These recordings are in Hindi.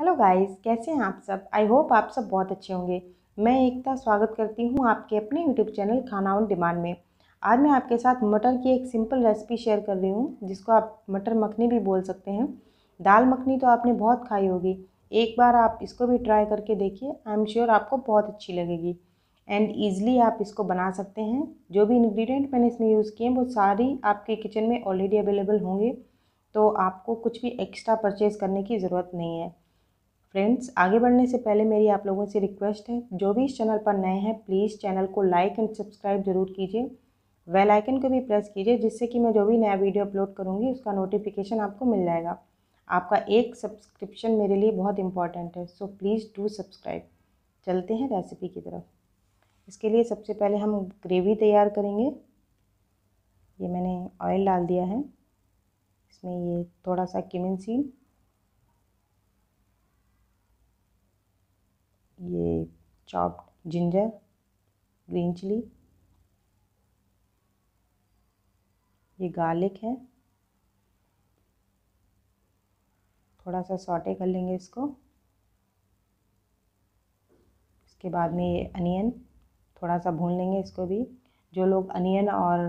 हेलो गाइस कैसे हैं आप सब आई होप आप सब बहुत अच्छे होंगे मैं एकता स्वागत करती हूं आपके अपने YouTube channel Khana on demand में आज मैं आपके साथ मटर की एक सिंपल रेसिपी शेयर कर रही हूं जिसको आप मटर मखनी भी बोल सकते हैं दाल मखनी तो आपने बहुत खाई होगी एक बार आप इसको भी ट्राई करके देखिए आई एम श्योर आपको बहुत अच्छी लगेगी एंड ईज़िली आप इसको बना सकते हैं जो भी इन्ग्रीडियंट मैंने इसमें यूज़ किए हैं वो सारी आपके किचन में ऑलरेडी अवेलेबल होंगे तो आपको कुछ भी एक्स्ट्रा परचेज़ करने की ज़रूरत नहीं है फ्रेंड्स आगे बढ़ने से पहले मेरी आप लोगों से रिक्वेस्ट है जो भी इस चैनल पर नए हैं प्लीज़ चैनल को लाइक एंड सब्सक्राइब जरूर कीजिए वेल आइकन को भी प्रेस कीजिए जिससे कि मैं जो भी नया वीडियो अपलोड करूँगी उसका नोटिफिकेशन आपको मिल जाएगा आपका एक सब्सक्रिप्शन मेरे लिए बहुत इंपॉर्टेंट है सो प्लीज़ डू सब्सक्राइब चलते हैं रेसिपी की तरफ इसके लिए सबसे पहले हम ग्रेवी तैयार करेंगे ये मैंने ऑयल डाल दिया है इसमें ये थोड़ा सा किमिन सीड ये चॉप्ड जिंजर ग्रीन चिली ये गार्लिक है थोड़ा सा सॉटे कर लेंगे इसको इसके बाद में ये अनियन थोड़ा सा भून लेंगे इसको भी जो लोग अनियन और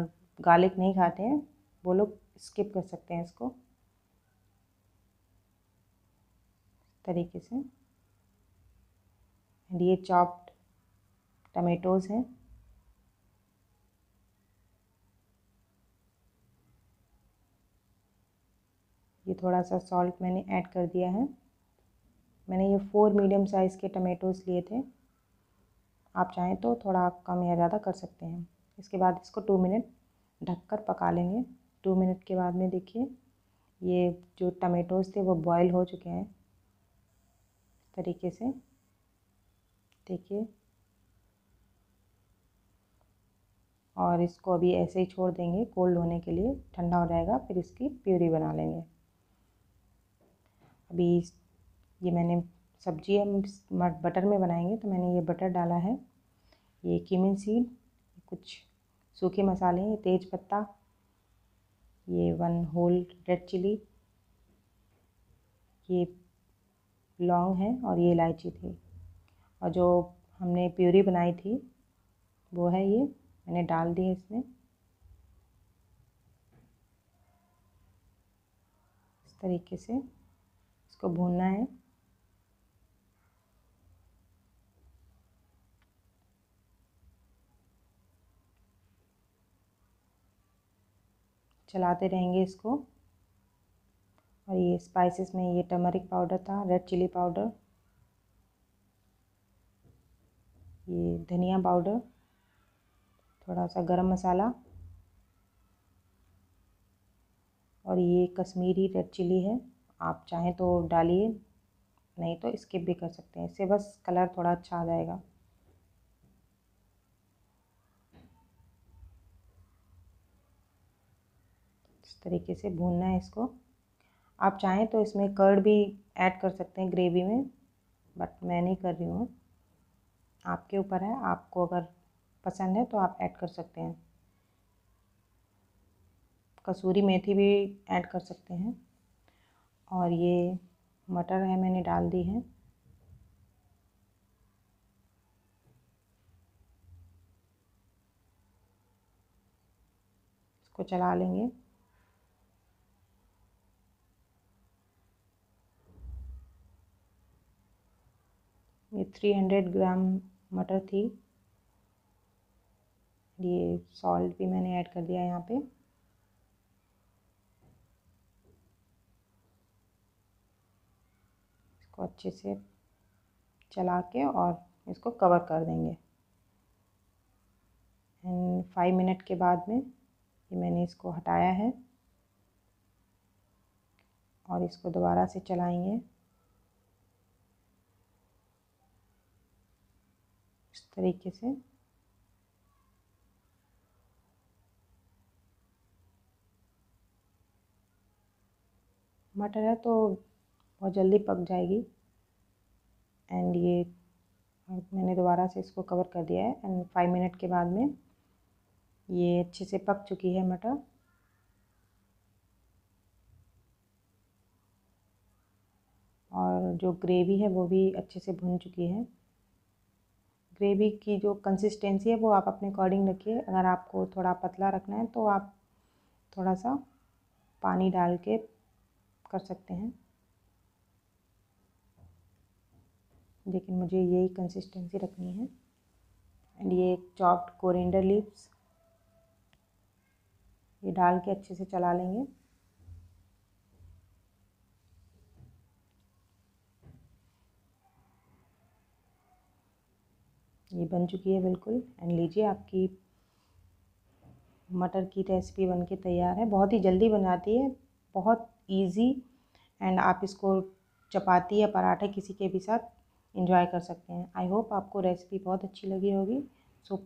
गार्लिक नहीं खाते हैं वो लोग स्किप कर सकते हैं इसको तरीके से लिए चॉप्ड टमेटोज़ हैं ये थोड़ा सा सॉल्ट मैंने ऐड कर दिया है मैंने ये फोर मीडियम साइज़ के टमेटोज़ लिए थे आप चाहें तो थोड़ा कम या ज़्यादा कर सकते हैं इसके बाद इसको टू मिनट ढककर पका लेंगे टू मिनट के बाद में देखिए ये जो टमेटोज़ थे वो बॉयल हो चुके हैं तरीके से देखिए और इसको अभी ऐसे ही छोड़ देंगे कोल्ड होने के लिए ठंडा हो जाएगा फिर इसकी प्यूरी बना लेंगे अभी ये मैंने सब्जी हम बटर में बनाएंगे तो मैंने ये बटर डाला है ये कीमिन सीड कुछ सूखे मसाले हैं तेज पत्ता ये वन होल रेड चिली ये लौंग है और ये इलायची थी और जो हमने प्यूरी बनाई थी वो है ये मैंने डाल दी इसमें इस तरीके से इसको भूनना है चलाते रहेंगे इसको और ये स्पाइसेस में ये टर्मरिक पाउडर था रेड चिली पाउडर ये धनिया पाउडर थोड़ा सा गरम मसाला और ये कश्मीरी रेड चिली है आप चाहें तो डालिए नहीं तो स्किप भी कर सकते हैं इससे बस कलर थोड़ा अच्छा आ जाएगा इस तरीके से भूनना है इसको आप चाहें तो इसमें कर्ड भी ऐड कर सकते हैं ग्रेवी में बट मैं नहीं कर रही हूँ आपके ऊपर है आपको अगर पसंद है तो आप ऐड कर सकते हैं कसूरी मेथी भी ऐड कर सकते हैं और ये मटर है मैंने डाल दी है इसको चला लेंगे ये थ्री हंड्रेड ग्राम मटर थी ये सॉल्ट भी मैंने ऐड कर दिया यहाँ पे इसको अच्छे से चला के और इसको कवर कर देंगे एंड फाइव मिनट के बाद में ये मैंने इसको हटाया है और इसको दोबारा से चलाएंगे तरीके से मटर है तो बहुत जल्दी पक जाएगी एंड ये मैंने दोबारा से इसको कवर कर दिया है एंड फाइव मिनट के बाद में ये अच्छे से पक चुकी है मटर और जो ग्रेवी है वो भी अच्छे से भुन चुकी है ग्रेवी की जो कंसिस्टेंसी है वो आप अपने अकॉर्डिंग रखिए अगर आपको थोड़ा पतला रखना है तो आप थोड़ा सा पानी डाल के कर सकते हैं लेकिन मुझे यही कंसिस्टेंसी रखनी है एंड ये चॉप्ड कोरिएंडर लीव्स ये डाल के अच्छे से चला लेंगे ये बन चुकी है बिल्कुल एंड लीजिए आपकी मटर की रेसिपी बन के तैयार है बहुत ही जल्दी बनाती है बहुत इजी एंड आप इसको चपाती या पराठे किसी के भी साथ इंजॉय कर सकते हैं आई होप आपको रेसिपी बहुत अच्छी लगी होगी सो so,